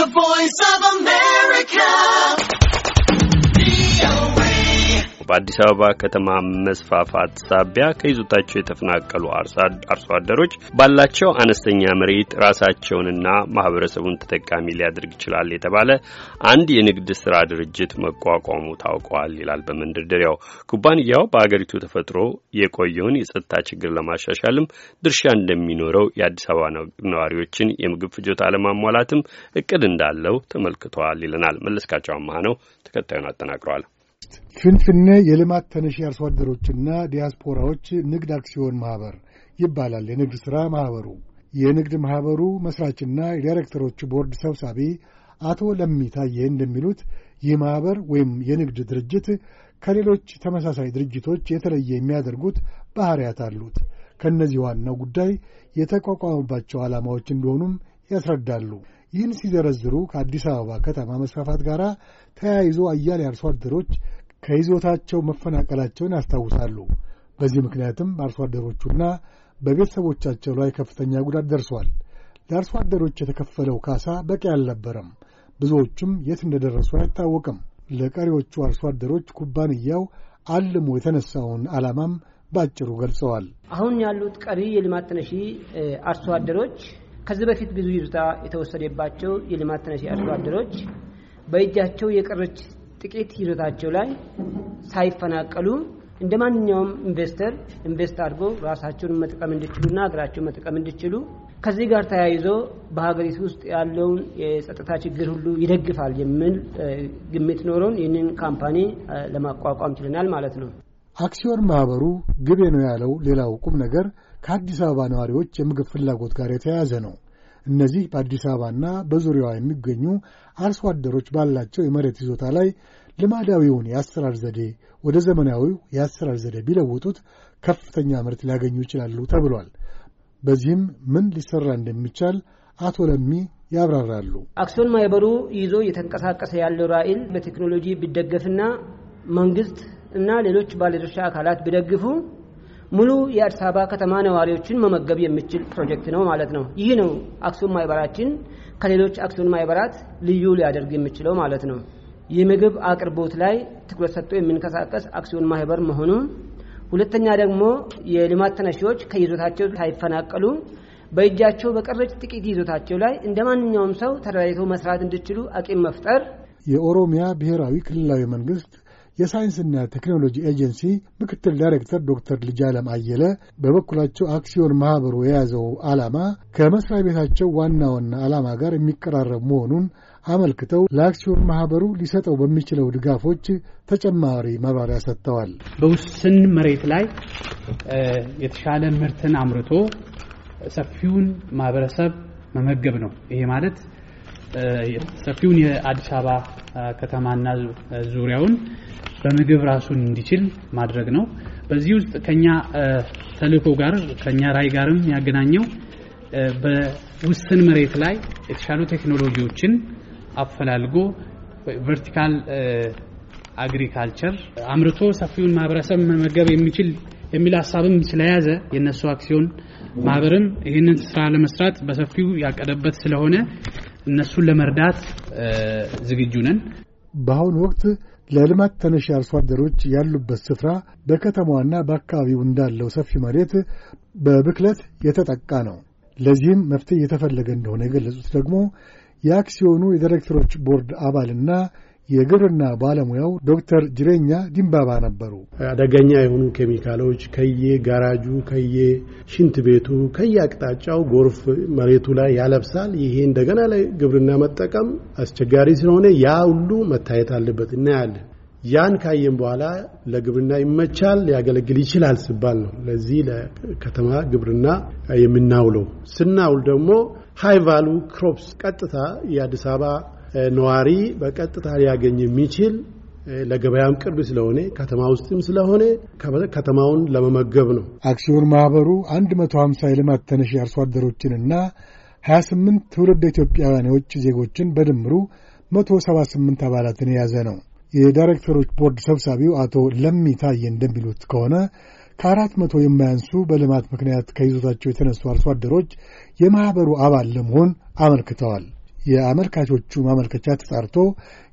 The Voice of man. በአዲስ አበባ ከተማ መስፋፋት ሳቢያ ከይዞታቸው የተፈናቀሉ አርሶ አደሮች ባላቸው አነስተኛ መሬት ራሳቸውንና ማህበረሰቡን ተጠቃሚ ሊያደርግ ይችላል የተባለ አንድ የንግድ ስራ ድርጅት መቋቋሙ ታውቋል ይላል በመንደርደሪያው። ኩባንያው በአገሪቱ ተፈጥሮ የቆየውን የጸጥታ ችግር ለማሻሻልም ድርሻ እንደሚኖረው የአዲስ አበባ ነዋሪዎችን የምግብ ፍጆታ ለማሟላትም እቅድ እንዳለው ተመልክተዋል ይለናል። መለስካቸው አማህ ነው ተከታዩን አጠናቅረዋል። ፍንፍኔ የልማት ተነሺ አርሶ አደሮችና ዲያስፖራዎች ንግድ አክሲዮን ማኅበር ይባላል የንግድ ሥራ ማኅበሩ። የንግድ ማኅበሩ መሥራችና የዳይሬክተሮች ቦርድ ሰብሳቢ አቶ ለሚታየ እንደሚሉት ይህ ማኅበር ወይም የንግድ ድርጅት ከሌሎች ተመሳሳይ ድርጅቶች የተለየ የሚያደርጉት ባሕርያት አሉት። ከእነዚህ ዋናው ጉዳይ የተቋቋመባቸው ዓላማዎች እንደሆኑም ያስረዳሉ። ይህን ሲዘረዝሩ ከአዲስ አበባ ከተማ መስፋፋት ጋር ተያይዞ አያሌ አርሶ አደሮች ከይዞታቸው መፈናቀላቸውን ያስታውሳሉ። በዚህ ምክንያትም አርሶ አደሮቹና በቤተሰቦቻቸው ላይ ከፍተኛ ጉዳት ደርሷል። ለአርሶ አደሮች የተከፈለው ካሳ በቂ አልነበረም። ብዙዎቹም የት እንደደረሱ አይታወቅም። ለቀሪዎቹ አርሶ አደሮች ኩባንያው አልሞ የተነሳውን ዓላማም ባጭሩ ገልጸዋል። አሁን ያሉት ቀሪ የልማት ተነሺ አርሶ አደሮች ከዚህ በፊት ብዙ ይዞታ የተወሰደባቸው የልማት ተነሺ አርሶ አደሮች በእጃቸው የቀረች ጥቂት ይዞታቸው ላይ ሳይፈናቀሉ እንደ ማንኛውም ኢንቨስተር ኢንቨስት አድርጎ ራሳቸውን መጠቀም እንዲችሉና ሀገራቸውን መጠቀም እንዲችሉ ከዚህ ጋር ተያይዞ በሀገሪቱ ውስጥ ያለውን የጸጥታ ችግር ሁሉ ይደግፋል የሚል ግምት ኖሮን ይህንን ካምፓኒ ለማቋቋም ችለናል ማለት ነው። አክሲዮን ማህበሩ ግቤ ነው ያለው ሌላው ቁም ነገር ከአዲስ አበባ ነዋሪዎች የምግብ ፍላጎት ጋር የተያያዘ ነው። እነዚህ በአዲስ አበባና በዙሪያዋ የሚገኙ አርሶ አደሮች ባላቸው የመሬት ይዞታ ላይ ልማዳዊውን የአሰራር ዘዴ ወደ ዘመናዊው የአሰራር ዘዴ ቢለውጡት ከፍተኛ ምርት ሊያገኙ ይችላሉ ተብሏል። በዚህም ምን ሊሰራ እንደሚቻል አቶ ለሚ ያብራራሉ። አክሲዮን ማህበሩ ይዞ እየተንቀሳቀሰ ያለው ራዕይ በቴክኖሎጂ ቢደገፍና መንግስት እና ሌሎች ባለድርሻ አካላት ቢደግፉ ሙሉ የአዲስ አበባ ከተማ ነዋሪዎችን መመገብ የሚችል ፕሮጀክት ነው ማለት ነው። ይህ ነው አክሲዮን ማህበራችን ከሌሎች አክሲዮን ማህበራት ልዩ ሊያደርግ የሚችለው ማለት ነው። የምግብ አቅርቦት ላይ ትኩረት ሰጥቶ የሚንቀሳቀስ አክሲዮን ማህበር መሆኑ፣ ሁለተኛ ደግሞ የልማት ተነሺዎች ከይዞታቸው ሳይፈናቀሉ በእጃቸው በቀረች ጥቂት ይዞታቸው ላይ እንደ ማንኛውም ሰው ተደራጅተው መስራት እንዲችሉ አቂም መፍጠር። የኦሮሚያ ብሔራዊ ክልላዊ መንግስት የሳይንስና ቴክኖሎጂ ኤጀንሲ ምክትል ዳይሬክተር ዶክተር ልጃለም አየለ በበኩላቸው አክሲዮን ማኅበሩ የያዘው ዓላማ ከመሥሪያ ቤታቸው ዋና ዋና ዓላማ ጋር የሚቀራረብ መሆኑን አመልክተው ለአክሲዮን ማኅበሩ ሊሰጠው በሚችለው ድጋፎች ተጨማሪ ማብራሪያ ሰጥተዋል። በውስን መሬት ላይ የተሻለ ምርትን አምርቶ ሰፊውን ማህበረሰብ መመገብ ነው። ይሄ ማለት ሰፊውን የአዲስ አበባ ከተማና ዙሪያውን በምግብ ራሱን እንዲችል ማድረግ ነው። በዚህ ውስጥ ከኛ ተልእኮ ጋር ከኛ ራይ ጋርም ያገናኘው በውስን መሬት ላይ የተሻሉ ቴክኖሎጂዎችን አፈላልጎ ቨርቲካል አግሪካልቸር አምርቶ ሰፊውን ማህበረሰብ መመገብ የሚችል የሚል ሀሳብም ስለያዘ የእነሱ አክሲዮን ማህበርም ይህንን ስራ ለመስራት በሰፊው ያቀደበት ስለሆነ እነሱን ለመርዳት ዝግጁ ነን። በአሁኑ ወቅት ለልማት ተነሽ አርሶ አደሮች ያሉበት ስፍራ በከተማዋና በአካባቢው እንዳለው ሰፊ መሬት በብክለት የተጠቃ ነው። ለዚህም መፍትሄ እየተፈለገ እንደሆነ የገለጹት ደግሞ የአክሲዮኑ የዳይሬክተሮች ቦርድ አባልና የግብርና ባለሙያው ዶክተር ጅሬኛ ዲንባባ ነበሩ። አደገኛ የሆኑ ኬሚካሎች ከየ ጋራጁ፣ ከየ ሽንት ቤቱ፣ ከየ አቅጣጫው ጎርፍ መሬቱ ላይ ያለብሳል። ይሄ እንደገና ላይ ግብርና መጠቀም አስቸጋሪ ስለሆነ ያ ሁሉ መታየት አለበት እናያለን። ያን ካየን በኋላ ለግብርና ይመቻል ሊያገለግል ይችላል ሲባል ነው ለዚህ ለከተማ ግብርና የምናውለው። ስናውል ደግሞ ሃይ ቫሉ ክሮፕስ ቀጥታ የአዲስ አበባ ነዋሪ በቀጥታ ሊያገኝ የሚችል ለገበያም ቅርብ ስለሆነ ከተማ ውስጥም ስለሆነ ከተማውን ለመመገብ ነው። አክሲዮን ማህበሩ 150 የልማት ተነሽ አርሶ አደሮችንና 28 ትውልድ ኢትዮጵያውያን የውጭ ዜጎችን በድምሩ 178 አባላትን የያዘ ነው። የዳይሬክተሮች ቦርድ ሰብሳቢው አቶ ለሚ ታዬ እንደሚሉት ከሆነ ከአራት መቶ የማያንሱ በልማት ምክንያት ከይዞታቸው የተነሱ አርሶ አደሮች የማኅበሩ አባል ለመሆን አመልክተዋል። የአመልካቾቹ ማመልከቻ ተጣርቶ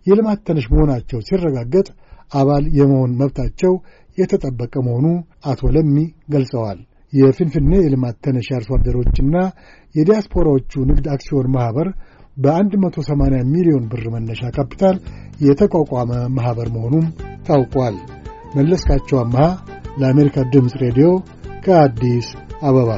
የልማት ተነሽ መሆናቸው ሲረጋገጥ አባል የመሆን መብታቸው የተጠበቀ መሆኑ አቶ ለሚ ገልጸዋል። የፍንፍኔ የልማት ተነሽ አርሶ አደሮችና የዲያስፖራዎቹ ንግድ አክሲዮን ማኅበር በ180 ሚሊዮን ብር መነሻ ካፒታል የተቋቋመ ማኅበር መሆኑም ታውቋል። መለስካቸው አመሃ ለአሜሪካ ድምፅ ሬዲዮ ከአዲስ አበባ